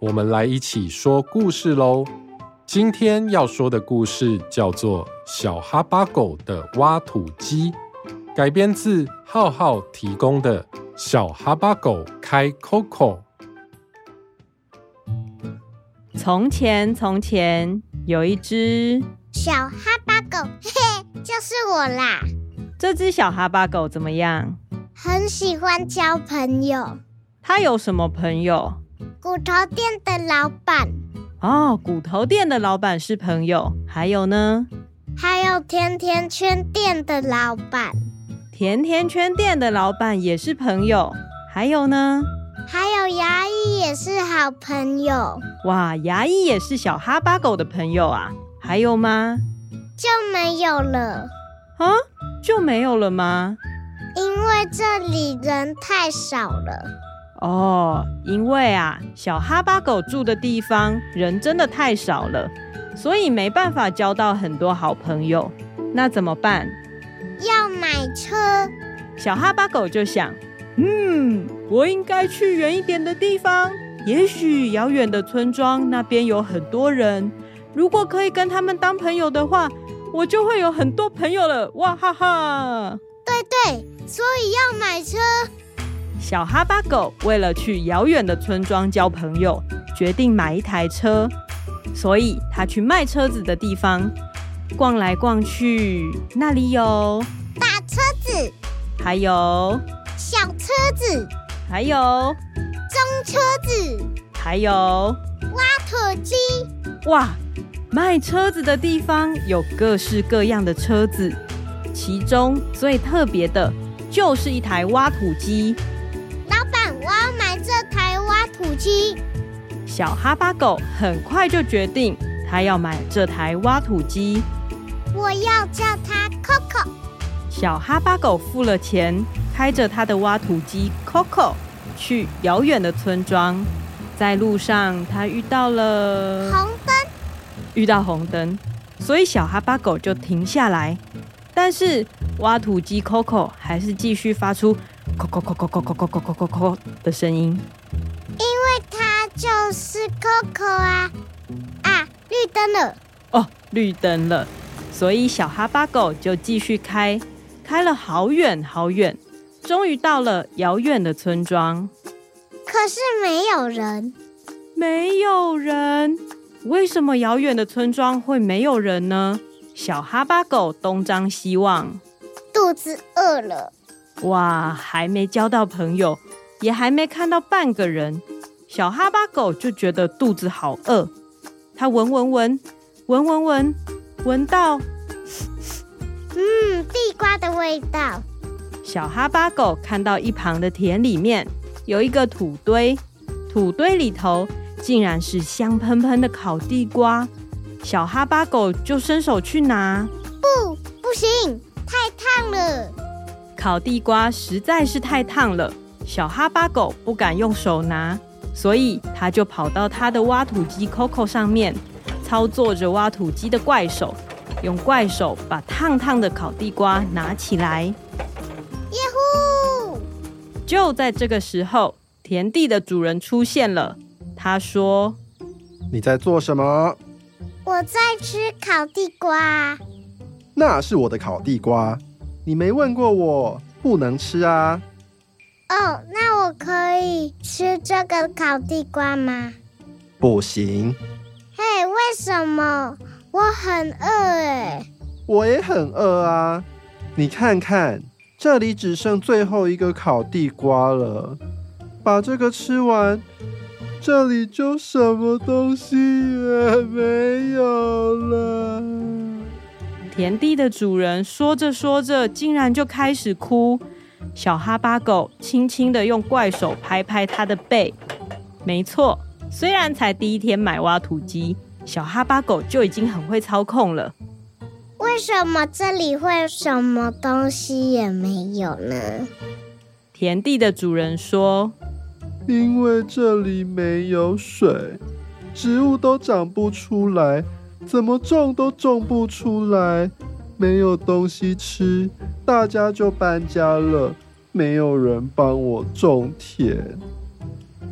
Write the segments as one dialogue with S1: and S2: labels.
S1: 我們來一起說故事嘍！今天要說的故事叫做《小哈巴狗的挖土機》，改編自皓皓提供的《小哈巴狗開扣扣》。從
S2: 前，從前有一隻
S3: 小哈巴狗，嘿嘿，就是我啦！
S2: 這隻小哈巴狗怎麼樣？
S3: 很喜歡交朋友。
S2: 它有什麼朋友？
S3: 骨頭店的老闆
S2: 哦，骨頭店的老闆是朋友。還有呢？
S3: 還有甜甜圈店的老闆，
S2: 甜甜圈店的老闆也是朋友。還有呢？
S3: 還有牙醫也是好朋友。
S2: 哇，牙醫也是小哈巴狗的朋友啊。還有嗎？
S3: 就沒有了
S2: 啊？就沒有了嗎？
S3: 因為這裡人太少了。
S2: 哦，因為啊，小哈巴狗住的地方人真的太少了，所以沒辦法交到很多好朋友。那怎麼辦？
S3: 要買車。
S2: 小哈巴狗就想，嗯，我應該去遠一點的地方。也許遙遠的村莊那邊有很多人，如果可以跟他們當朋友的話，我就會有很多朋友
S3: 了。哇哈哈！對對，所以要買車。
S2: 小哈巴狗為了去遙遠的村莊交朋友，決定買一台車，所以他去賣車子的地方逛來逛去。那裡有大車子，還有
S3: 小車子，還有中車子，
S2: 還有
S3: 挖土機。
S2: 哇，賣車子的地方有各式各樣的車子，其中最特別的就是一台挖土機。土機，小哈巴狗很快就決定，他要買這台挖土機。
S3: 我要叫他 Coco。
S2: 小哈巴狗付了錢，開着他的挖土機 Coco 去遙遠的村莊。在路上，他遇到了紅燈，遇到紅燈，所以小哈巴狗就停下來。但是挖土機 Coco 還是繼續發出「咯咯咯咯咯咯」的聲音。
S3: 就是扣扣啊。啊，綠燈了
S2: 哦，綠燈了，所以小哈巴狗就繼續開，開了好遠好遠，終於到了遙遠的村莊。
S3: 可是沒有人，沒有人，
S2: 為什麼遙遠的村莊會沒有人呢？小哈巴狗東張西望，
S3: 肚子餓了，
S2: 哇，還沒交到朋友，也還沒看到半個人。小哈巴狗就覺得肚子好餓，它聞聞聞聞聞聞聞到，嗯，地瓜的味道。小哈巴狗看到一旁的田裡面有一個土堆，土堆裡頭竟然是香噴噴的烤地瓜。小哈巴狗就伸手去拿，不，不行，
S3: 太燙了。
S2: 烤地瓜實在是太燙了，小哈巴狗不敢用手拿。所以他就跑到他的挖土機扣扣上面，操作着挖土機的怪手，用怪手把燙燙的烤地瓜拿起來。耶呼！就在這個時候，田地的主人出現了。他說：“
S4: 你在做什麼？”“
S3: 我在吃烤地瓜。”“
S4: 那是我的烤地瓜，你沒問過我，不能吃啊。”“
S3: 哦，那。”我可以吃這個烤地瓜嗎？
S4: 不行。嘿
S3: ，hey，為什麼？我很餓耶。我也很餓啊！
S4: 你看看，這裡只剩最後一個烤地瓜了。把這個吃完，這裡就什麼東西也沒有
S3: 了。
S4: 田地的主人說
S2: 着說着，竟然就開始哭。小哈巴狗輕輕的用怪手拍拍他的背。沒錯，雖然才第一天買挖土機，小哈巴狗就已經很會操控了。
S3: 為什麼這裡會什麼東西也沒有呢？田地的主人說：“
S4: 因為這裡沒有水，植物都長不出來，怎麼種都種不出來。”沒有東西吃，大家就搬家了。沒有人幫我種田，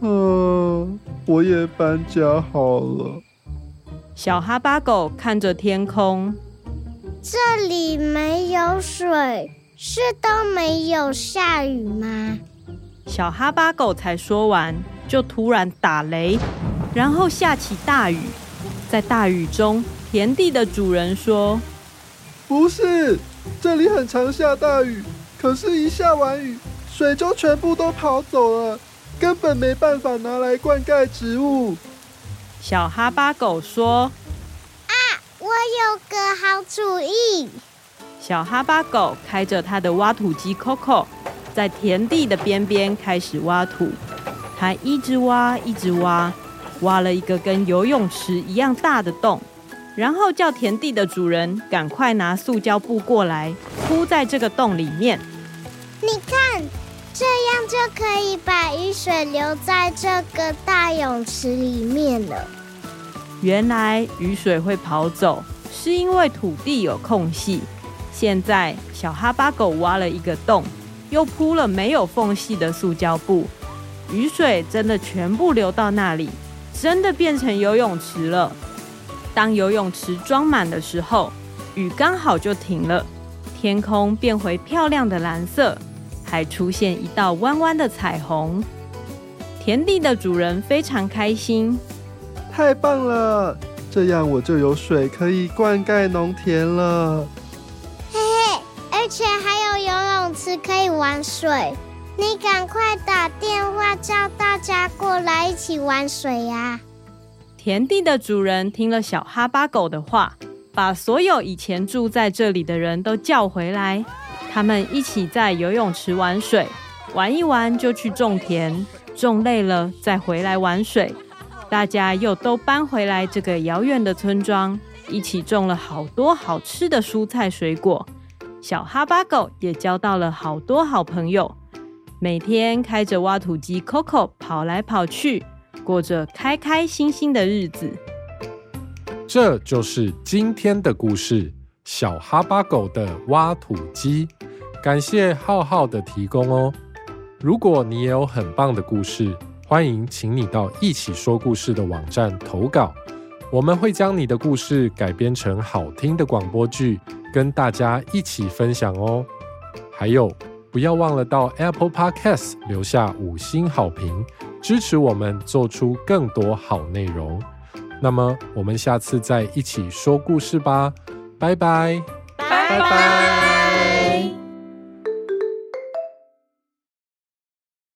S4: 嗯、呃，我也搬家好了。
S2: 小哈巴狗看着天空，
S3: 這裡沒有水，是都沒有下雨嗎？小哈巴
S2: 狗才說完，就突然打雷，然後下起大雨。在大雨中，田地的主人說。
S4: 不是，這裡很常下大雨，可是，一下完雨，水就全部都跑走了，根本沒辦法拿來灌溉植物。
S2: 小哈巴狗說：“
S3: 啊，我有個好主意。”
S2: 小哈巴狗開着它的挖土機扣扣，在田地的邊邊開始挖土，它一直挖，一直挖，挖了一個跟游泳池一樣大的洞。然後叫田地的主人趕快拿塑膠布過來鋪在這個洞裡面。
S3: 你看，這樣就可以把雨水留在這個大泳池裡面了。
S2: 原來雨水會跑走，是因為土地有空隙。現在小哈巴狗挖了一個洞，又鋪了沒有縫隙的塑膠布，雨水真的全部流到那裡，真的變成游泳池了。當游泳池裝滿的時候，雨剛好就停了，天空變回漂亮的藍色，還出現一道彎彎的彩虹。田地的主人非常開心，
S4: 太棒了！這樣我就有水可以灌溉農田了。
S3: 嘿嘿，而且還有游泳池可以玩水，你趕快打電話叫大家過來一起玩水呀！
S2: 田地的主人聽了小哈巴狗的話，把所有以前住在這裡的人都叫回來。他們一起在游泳池玩水，玩一玩就去種田，種累了再回來玩水。大家又都搬回來這個遙遠的村莊，一起種了好多好吃的蔬菜水果。小哈巴狗也交到了好多好朋友，每天開着挖土機扣扣跑來跑去。過着開開心心的日子，
S1: 這就是今天的故事：小哈巴狗的挖土機。感謝浩浩的提供哦。如果你也有很棒的故事，歡迎請你到一起說故事的網站投稿，我們會將你的故事改編成好聽的廣播劇，跟大家一起分享哦。還有，不要忘了到 Apple Podcast 留下五星好評。支持我們做出更多好內容，那麼我們下次再一起說故事吧，拜拜，拜拜。拜拜。